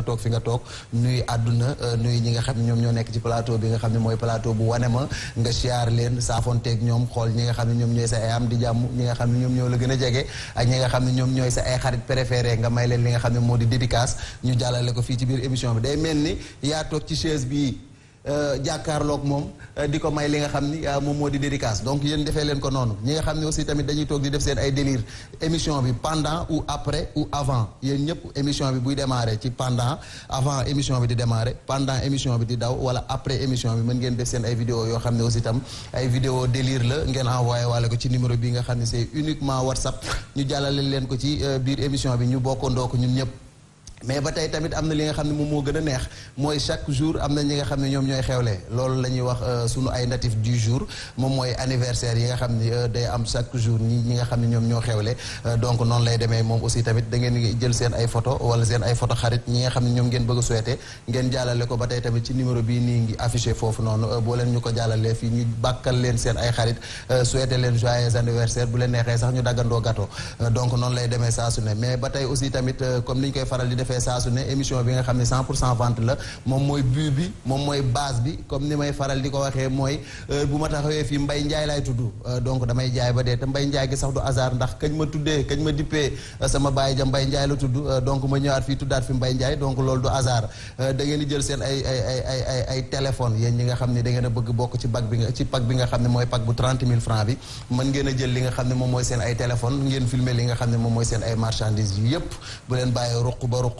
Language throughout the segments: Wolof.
nga toog fi nga toog nuy àdduna euh, nuy ñi nga xam ñoom ñoo nekk ci plateau bi nga xam ne mooy plateau bu wane ma nga siyaar leen saafonteeg ñoom xool ñi nga xam ne ñoom ñooy sa ay am di jàmm ñi nga xam ne ñoom la a xam ne ñoom ñooy sa ay xarit préféré nga may leen li nga xam ne moo di dédicace ñu jàllale ko fii ci biir émission bi day mel ni yaa toog ci chaise bii Euh, jàkkaarloog moom euh, di ko may li nga xam ni euh, moom moo di dédicace donc yéen defee leen ko noonu ñi nga xam ne aussi tamit dañuy toog di def seen ay délire émission bi pendant ou après ou avant yéen ñëpp émission bi buy démarrer ci pendant avant émission bi di démarrer pendant émission bi di daw wala après émission bi mën ngeen def seen ay vidéo yoo xam ne aussi tam ay vidéo délire la ngeen envoyé waale ko ci numéro bi nga xam ne c'est uniquement WhatsApp ñu jàllale leen ko ci biir émission bi ñu bokkandoo ko ñun ñëpp mais ba tey tamit am na li nga xam ne moom moo gën a neex mooy chaque jour am na ñi nga xam ne ñoom ñooy xewle loolu la ñuy wax euh, sunu ay natif du jour moom mooy anniversaire yi nga xam ne euh, day am chaque jour ñi nga xam ne ñoom ñoo xewle euh, donc noonu lay deme moom aussi tamit da ngeen jël seen ay photo wala seen ay xarit ñi nga xam ne ñoom ngeen bëgg a souhaité ngeen jàllale ko ba tey tamit ci numéro bii nii ngi affiché foofu noonu boo leen ñu ko jàllalee fii ñu leen seen ay xarit souhaité leen joyeux leen neexee sax ñu daggandoo gâteau donc noonu lay demee saa su ne mais ba tey aussi tamit comme ni ñu koy faral di def defee saa su ne émission bi nga xam ne 100 pour cent vente la moom mooy but bi moom mooy base bi comme ni may faral di ko waxee mooy heure bu ma taxawee fii Mbaye Ndiaye laay tudd euh, donc damay jaay ba dee te Mbaye sax du hasard ndax kañ ma tuddee kañ ma dippee euh, sama baay ja Mbaye Ndiaye la tudd euh, donc ma ñëwaat fii tuddaat fi Mbaye njaay donc loolu du hasard da ngeen di jël seen ay ay ay ay ay ñi nga xam ne da ngeen bëgg bokk ci pack bi nga nga xam ne mooy pack bu 30 000 francs bi mën ngeen jël li nga xam ne moom mooy seen ay téléphone ngeen filmer li nga xam ne moom mooy seen ay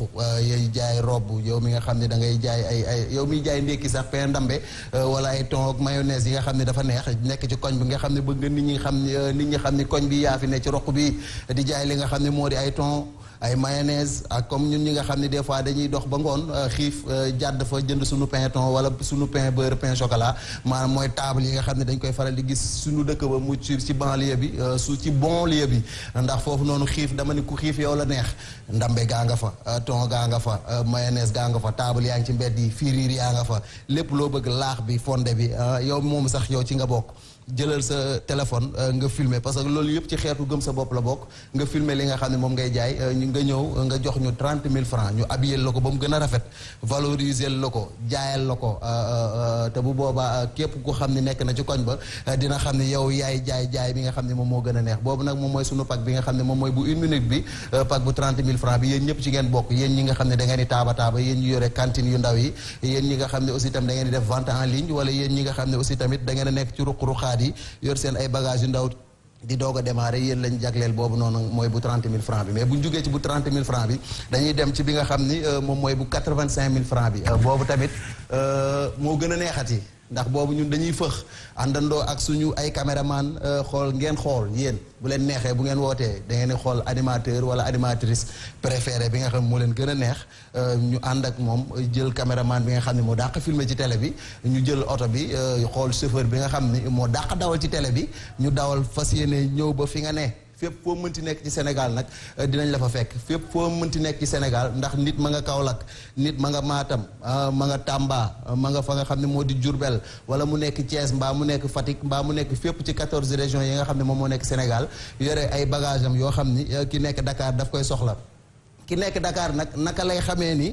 Euh, yokku jaay robb yow mi nga xam ne da ngay jaay ay yow miy jaay ndékki sax pain ndambe euh, wala ay thon ak mayonnaise yi nga xam ne dafa neex nekk ci koñ bi nga xam ne bëgg nga nit ñi xam euh, nit ñi xam ni koñ bi yaa fi ne ci roq bi di jaay li nga xam ne moo di ay thon ay mayonnaise ak comme ñun ñi nga xam ne des fois dañuy dox ba ngoon euh, xiif euh, jàdd fa jënd suñu pain thon wala suñu pain beurre pain chocolat maanaam mooy table yi nga xam ne dañ koy faral di gis suñu dëkk ba mu ci ci banlieue bi euh, su ci bon lieu bi ndax foofu noonu xiif dama ni ku xiif yow la neex ndambe gaa nga fa ton gaa nga fa mayonnaise gaa nga fa table yaa ngi ci mbedd yi firiir yaa nga fa lépp loo bëgg laax bi fonde bi yow moom sax yow ci nga bokk jëlal sa téléphone euh, nga filmer parce que loolu yëpp ci xeetu gëm sa bopp la bokk nga filmer li nga xam ne moom ngay jaay euh, nga ñëw nga jox ñu trente mille francs ñu habillé la a ko jaayal la ko euh, te bu boobaa képp a ne yéen ñi nga xam ne da def vente en ligne wala yéen ñi nga xam ne aussi tamit da a nekk ci ruq ruqa xaat yi yor seen ay bagages yu ndaw di doog a démarrer yéen jagleel boobu noonu mooy bu 30 000 francs bi mais bu ñu jugee ci bu 30 000 francs bi dañuy dem ci bi nga xam ni euh, moom mooy bu 85 000 francs bi euh, boobu tamit euh, moo gën a neexati ndax boobu ñun dañuy fëx àndandoo ak suñu ay caméraman euh, xool ngeen xool yéen bu leen neexee bu ngeen wootee da ngeen di xool animateur wala animatrice préférée bi nga xam moo leen gën a neex euh, ñu ànd ak moom jël caméraman bi nga xam ne moo dàq filmer ci tele bi ñu jël oto bi euh, xool chauffeur bi nga xam ne moo dàq dawal ci tele bi ñu dawal fas yéene ñëw ba fi nga ne fépp foo mënti nekk ci Sénégal nag euh, dinañ la fa fekk fépp foo mënti nekk ci Sénégal ndax nit ma nga Kaolack nit ma nga maatam euh, ma nga Tamba euh, ma nga fa nga xam ne moo di Diourbel wala mu nekk Thiès mbaa mu nekk Fatick mbaa mu nekk fépp ci 14 régions yi nga xam ne moom moo nekk Sénégal yore ay bagage yoo xam ni ki nekk Dakar daf koy soxla ki nekk Dakar nag naka lay xamee ni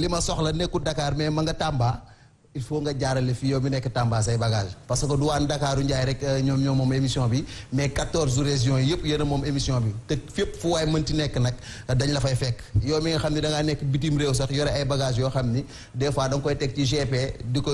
li ma soxla nekkul dakaar mais ma nga Tamba il faut nga jaarale fi yow mi nekk Tamba say bagage parce que du waan Dakaaru Njaay rek euh, ñoom ñoom moom émission bi mais quatorze régions yi yëpp yéen moom émission bi te fépp fu waay mënti nekk nag dañ la fay fekk yow mi nga xam ne da ngaa nekk bitim réew sax yore ay bagage yoo xam ni des fois da koy teg ci GP di ko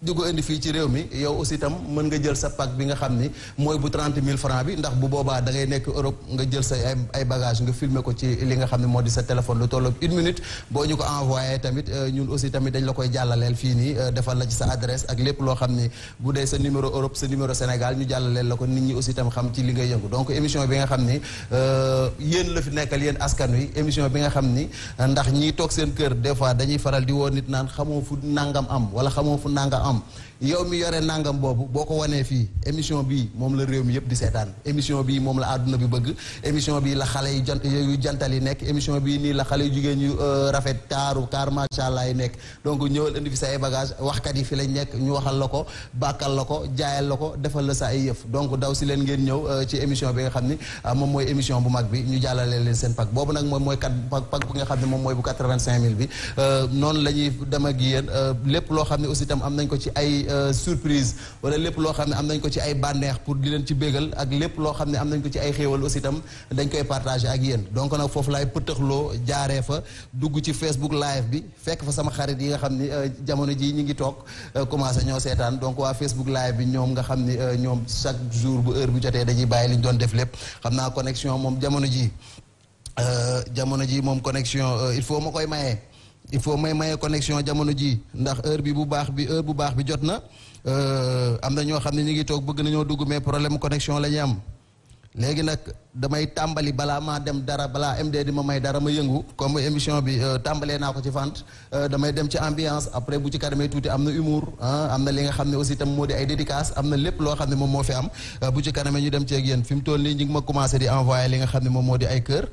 di ko indi fii ci réew mi yow aussi itam mën nga jël sa pack bi nga xam ni mooy bu trente mille francs bi ndax bu boobaa dangay nekk Europe nga jël sa ay ay bagage nga filmer ko ci li nga xam ne moo di sa téléphone lu tolloog une minute boo ñu ko envoyé tamit euh, ñun aussi tamit dañ la koy jàllaleel fii nii euh, defal la ci sa adresse ak lépp loo xam ni bu dee sa numéro Europe sa numéro Sénégal ñu jàllaleel la ko nit ñi aussi itam xam ci li ngay yëngu donc émission bi nga xam ni euh, yéen la fi nekkal yéen askan wi émission bi nga xam ni ndax ñi toog seen kër des fois dañuy faral di woo nit naan xamoo fu nangam am wala xamoo fu am yow mi yore nangam boobu boo ko wanee fii émission bii moom la réew mi yëpp di seetaan émission bii moom la àdduna bi bëgg émission bii la xale yu jant yu jantal yi nekk émission bii nii la xale yu jigéen ñu euh, rafet taaru kaar macha allah yi nekk donc ñëwal indi fi sa ay bagage waxkat yi fi lañ nekk ñu waxal la ko bàkkal la ko jaayal la ko defal la sa ay yëf donc daw si leen ngeen ñëw euh, ci émission bi nga xam ni euh, moom mooy émission bu mag bi ñu jàllale leen seen pack boobu nag moom mooy kat pack bu xam ne moom mooy bu quatre-vingt-cinq mille bi noonu la ñuy dem ak yéen lépp loo xam ne aussi tam am nañ ko ci ay Euh, surprise wala lépp loo xam ne am nañ ko ci ay bànneex pour di leen ci bégal ak lépp loo xam ne am nañ ko ci ay xéewal aussi tam dañ koy partager ak yéen donc nag foofu laay pëtëxloo jaaree fa dugg ci Facebook live bi fekk fa sama xarit yi nga xam ne euh, jamono ji ñu ngi toog euh, commencé ñoo seetaan donc waa Facebook live bi ñoom nga xam ne ñoom chaque jour bu heure bu jotee dañuy bàyyi li doon def lépp xam naa connexion moom jamono ji jamono ji moom connexion il faut ma koy maye. il faut may maye connexion jamono ji ndax heure bi bu baax bi heure bu baax bi jot na euh, am na ñoo xam ne ñu ngi toog bëgg nañoo dugg mais problème connexion la ñu am. léegi nag damay tàmbali balaa maa dem dara balaa MD di ma may dara ma yëngu comme émission bi euh, tàmbalee naa ko ci fant euh, damay dem ci ambiance après bu ci kanamee tuuti am na humour am na li nga xam ne aussi tam moo di ay dédicace am na lépp loo xam ne moom moo fi am euh, bu ci kanamee ñu dem ci ak yéen fi toll nii ñu ngi ma commencé di envoyé li nga xam ne moom moo di ay kër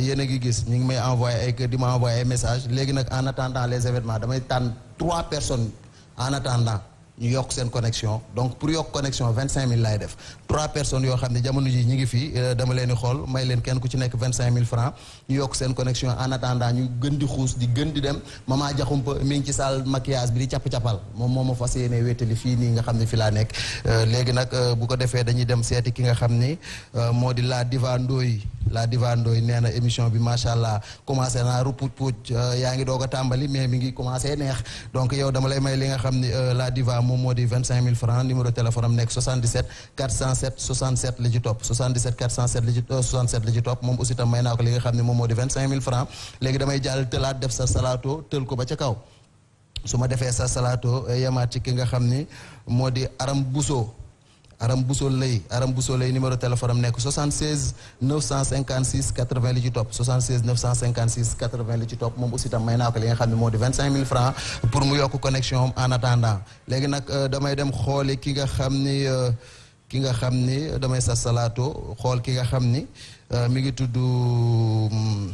yen a ngi gis ñu ngi may envoyé ay kër di ma envoyé ay message léegi nag en attendant les événements damay tànn trois personnes en attendant ñu yokk seen connexion donc pour yokk connexion vingt cinq mille laay def trois personnes yoo xam ne jamono ji ñi ngi fii euh, dama leen di xool may leen kenn ku ci nekk vingt cinq mille francs ñu yokk seen connexion en attendant ñu gën di xuus di gën di dem maman jaxumpa mi ngi ci salle maquillage bi di capp capal moom moo ma fas yéene wéetali fii nii nga xam ne fi laa nekk euh, léegi nag euh, bu ko defee dañuy dem seeti ki nga xam ni moo di la diva ndooy la diva ndooy nee na émission bi macha allah commencé naa rupuj puuj yaa ngi doog tàmbali mais mi ngi commencé neex donc yow dama lay xam ni la moom moo di vingt cinq mille francs numéro téléphone am nekk 77 407 67 li ci topp 77 407 li ci 67 euh, li ci topp moom aussi tam may naa ko li nga xam ne moom moo di vingt cinq mille francs léegi damay jàll tëlaat def sa salaato tël ba ca kaw su ma defee sa salaato yemaat ci ki nga xam ni moo di aram busoo Aram Bousso lay Aram Bousso lay numéro téléphone am nekk 76 956 80 li ci topp 76 956 80 li ci topp moom aussi tam may naa ko li nga xam ne moo di 25000 francs pour mu yokk connexion am en léegi nag euh, damay dem xooli ki nga xam ni euh, ki nga xam ni damay sa salaato xool ki nga xam ni euh, mi ngi tudd. Hmm,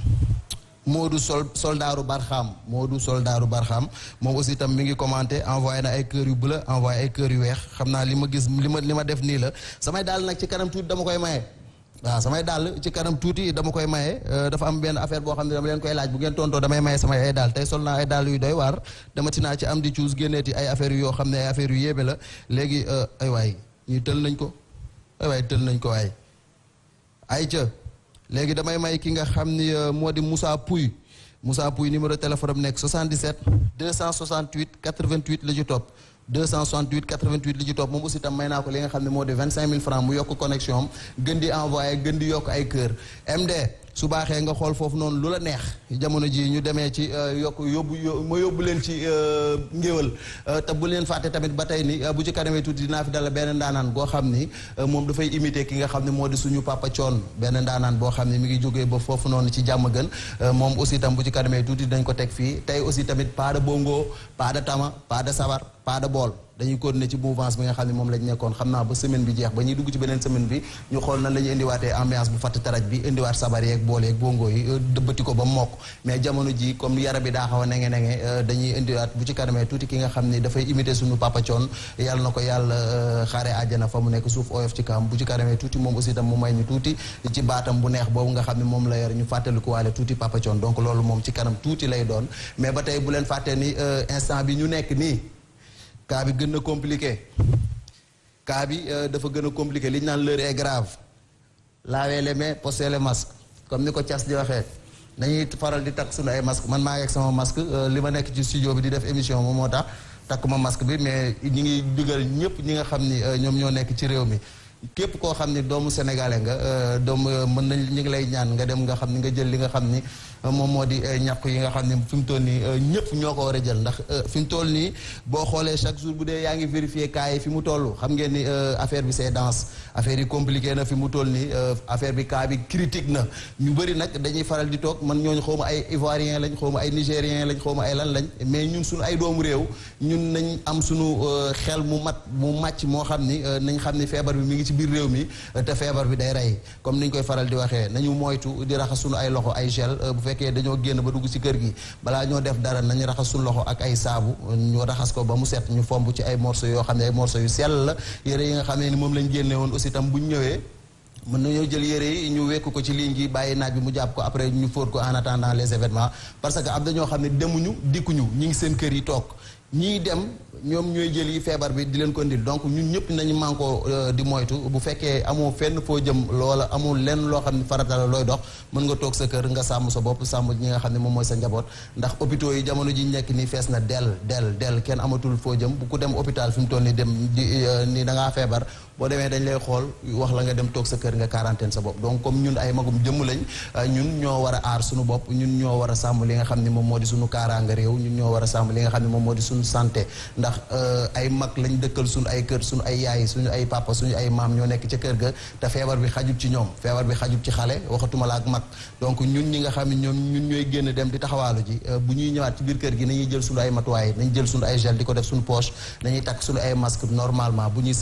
moo Moodu sol soldaaru Barxaam Moodu soldaaru Barxaam moom aussi tam mi ngi commenté envoyé na ay cœur yu bleu envoyé ay cœur yu weex xam naa li ma gis li ma li ma def nii la samay dàll nag ci kanam tuuti dama koy maye. waa samay dàll ci kanam tuuti dama koy maye euh, dafa am benn affaire boo xam ne dama leen koy laaj bu ngeen tontoo damay maye samay ay daal tey sol naa ay daal yu doy waar dama ci naa ci am di cuus génneeti ay affaires yoo xam ne ay affaires yu yéeme la léegi euh, ay waay ñuy tël nañ ko ay nañ ko waay ay léegi damay may ki nga xam ni euh, moo di Moussa Pouy Moussa Pouy numéro téléphone am nekk 77 268 88 la ci topp 268 88 li ci topp moom aussi tam may naa ko li nga xam ne moo di 25 000 francs mu yokk connexion am gën di envoyé gën di yokk ay kër MD. su baaxee nga xool foofu noonu lu la neex jamono ji ñu demee ci euh, yokk yóbbu ma yóbbu leen ci euh, ngéwal euh, te bu leen fàtte tamit ba tey ni bu ci kanamee tuuti dinaa fi dala benn ndaanaan goo xam ni moom dafay imiter ki nga xam ne moo di suñu papa coon benn ndaanaan boo xam ne mi ngi jógee ba foofu noonu ci jàmm gën moom aussi tam bu ci kanamee tuuti dinañ ko teg fii tey aussi tamit pas de bongo pas de tama paada sabar pas bool dañuy continuer ci mouvance bi nga xam ne moom lañ nekkoon xam naa ba bi indiwaat euh, daa a nenge nenge euh, dañuy indiwaat bu ci kanamee tuuti ki nga xam ni dafay imiter suñu papa Thione yàlla na ko yàlla euh, xaare àjjana fa mu nekk suuf oyof ci kaam bu kanamee tuuti moom aussi tam mu may ñu tuuti ci baatam bu neex boobu nga xam ne moom la yor ñu fàttali ko waale tuuti papa Thione donc loolu moom ci kanam tuuti lay doon mais ba tey bu leen ni instant bi ñu nekk nii kaa bi gën na compliqué kaa bi euh, dafa gën a compliqué li ñu naan l'heure est grave laver les mains porter les masques comme ni ko Thiass di waxee nañuy faral di takk suñu ay masque man maa ngi ak sama masque euh, li ma nekk ci studio bi di def émission moo tax takk ma masque bi mais ñi ngi digal ñëpp ñi nga xam ni euh, ñoom ñoo nekk ci réew mi képp koo xam ni doomu sénégalais nga euh, doomu euh, mën nañ ñu ngi lay ñaan nga dem nga xam ni nga jël li nga xam ni euh, moom moo di ñàkk yi nga xam ni fi mu toll nii ñëpp ñoo ko war a jël ndax fi mu toll nii boo xoolee chaque jour bu dee yaa ngi vérifier cas yi fi mu toll xam ngeen ni affaire bi c'est dense affaire yi compliqué na fi mu toll nii affaire bi cas bi critique na ñu bëri nag dañuy faral di toog man ñooñu xaw ma ay ivoirien lañ xaw ma ay nigérien lañ xaw ay lan lañ mais ñun suñu ay doomu réew ñun nañ am suñu xel mu mat mu màcc moo xam ni nañ xam ni feebar bi mi ngi ci biir réew mi te feebar bi day rey comme ni ñu koy faral di waxee nañu moytu di raxas ay loxo ay gel euh, bu fekkee dañoo génn ba dugg ci kër gi balaa ñoo def dara nañu raxas loxo ak ay saabu ñu raxas ko ba mu set ñu fomb ci ay morceau yoo xam ne ay morceau yu sell la yére yi nga xam ne ni moom lañ génne woon aussi tam bu ñu ñëwee mën nañoo jël yére yi ñu wekk ko ci lii gi bàyyi naaj bi mu jàpp ko après ñu fóot ko en attendant les événements parce que am na ñoo xam ne demuñu dikkuñu ñu ngi seen kër yi toog ñiy dem ñoom ñooy jël yi feebar bi di leen ko indil donc ñun ñëpp nañu mànkoo euh, di moytu bu fekkee amoo fenn foo jëm loola amul lenn loo xam ne farata looy dox mën nga toog sa kër nga sàmm sa bopp sàmm ñi nga xam ne moom mooy sa njaboot ndax hôpitaux yi jamono ji nekk nii fees na dell dell dell kenn amatul foo jëm bu ku dem hôpital fi mu toll nii dem di euh, nii dangaa feebar boo demee dañ lay xool wax la nga dem toog sa kër nga quarantaine sa bopp donc comme ñun ay magum jëmm lañ euh, ñun ñoo war a aar suñu bopp ñun ñoo war a sàmm li nga xam ne moom moo di suñu kaaraanga réew ñun ñoo a sàmm li nga xam ne moom moo suñu santé ndax euh, ay mag lañ dëkkal suñu ay kër suñu ay yaay suñu ay papa suñu ay maam ñoo nekk ca kër ga te feebar bi xajub ci ñoom feebar bi xajub ci xale waxatuma la ak mag donc ñun ñi nga xam ne ñoom ñun ñooy génn dem di taxawaalu ji euh, bu ñuy ñëwaat ci biir kër gi nañuy jël suñu ay matuwaay nañ jël suñu ay gel di ko def suñu poche nañuy takk suñu ay masque normalement bu ñuy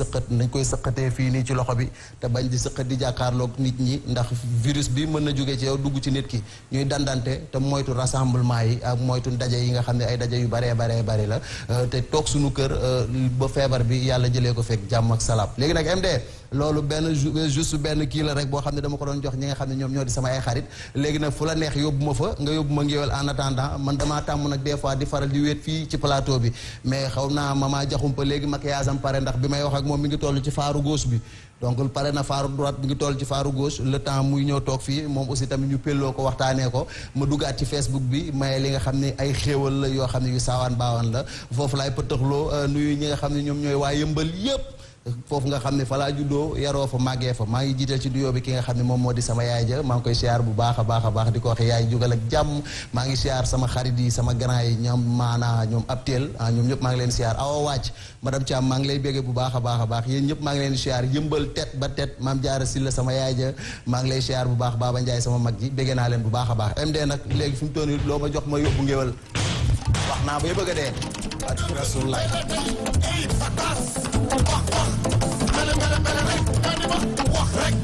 te fii nii ci loxo bi te bañ di sëqat di jàkkaarlook nit ñi ndax virus bi mën na jóge ci yow dugg ci nit ki ñuy dandante te moytu rassemblement yi ak moytu daje yi nga xam ne ay daje yu baree baree bari la euh, te toog suñu kër euh, ba feebar bi yàlla jëlee ko fekk jàmm ak salaam léegi nag MD loolu benn juste benn kii la rek boo xam ne dama ko doon jox ñi nga xam ne ñoom ñoo di sama ay xarit léegi nag fu la neex yóbbu ma fa nga yóbbu ma ngéwél en attendant man damaa tàmm nag des fois di faral di wéet fii ci plateau bi mais xaw naa mama jaxumpa léegi maquillage am pare ndax bi may wax ak moom mi ngi toll ci faaru bi donc pare na faaru droite bi ngi toll ci faaru gauche le temps muy ñëw toog fii moom aussi tamit ñu pelloo ko waxtaanee ko ma duggaat ci Facebook bi maye li nga xam ne ay xéewal la yoo xam ne saawaan baawaan la foofu laay pëtëxloo euh, nuyu ñi nga xam ne ñoom ñooy waa yëmbal yëpp foofu nga xam ne falaa laa juddoo yaroo fa màggee fa maa ngi jiital ci duyoo bi ki nga xam ne moom moo di sama yaay ja maa ngi koy siyaar bu baax a baax a baax di ko maa ngi siyaar sama yi sama grand yi ñoom maanaa ñoom abteel ah, ñoom ñëpp maa ngi leen siyaar awa wàcc madame Thiam maa ngi lay béggee bu baax baax a baax yéen ñëpp maa ngi leen siyaar yëmbal tet ba tet maam jaara silla sama yaay ja maa ngi lay siyaar bu baax baaba njaay sama mag ji béggee naa leen bu baax a baax MD nag léegi fi mu toll nii loo ma jox ma yóbbu ngéwal wax naa bay bëgg a dee ak rasulullah wax rek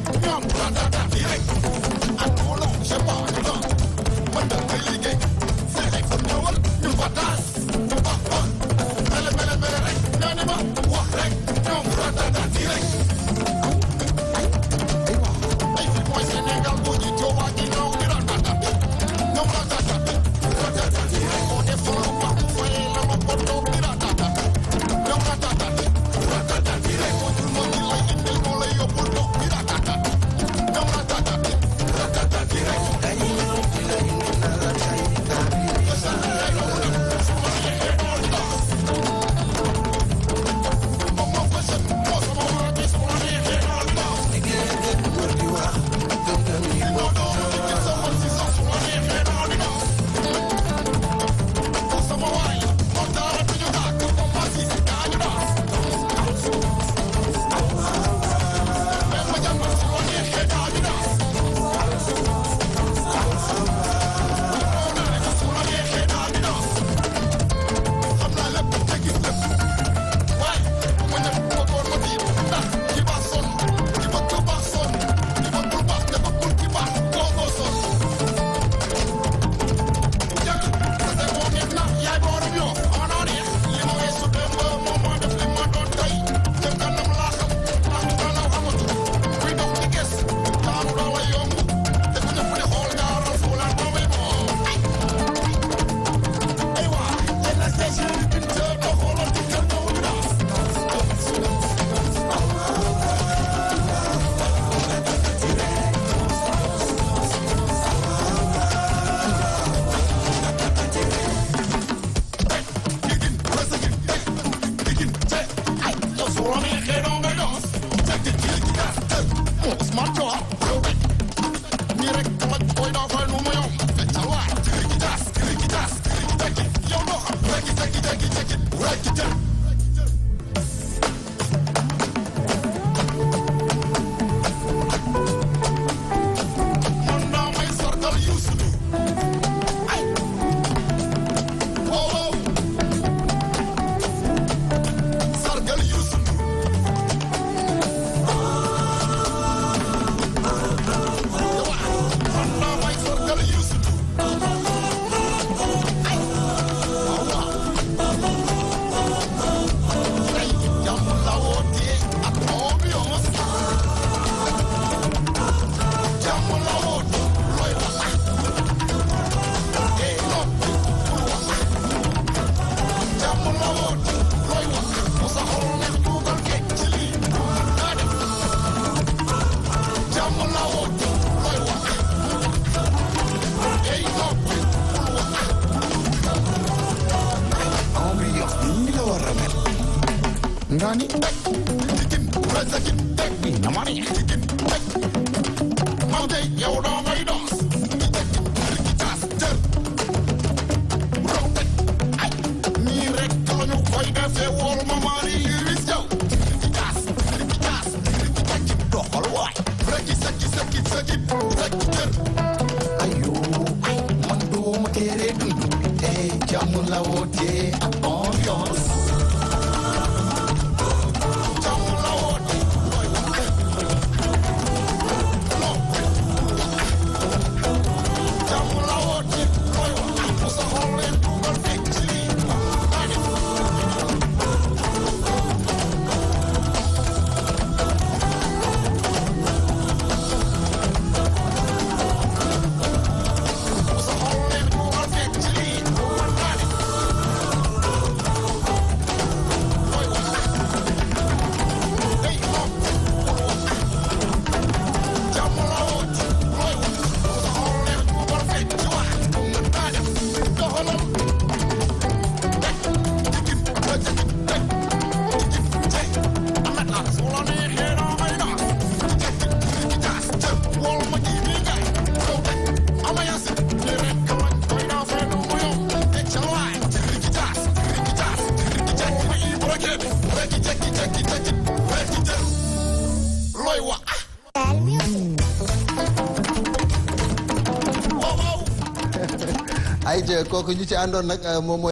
kooku ñu ci àndoon nag moom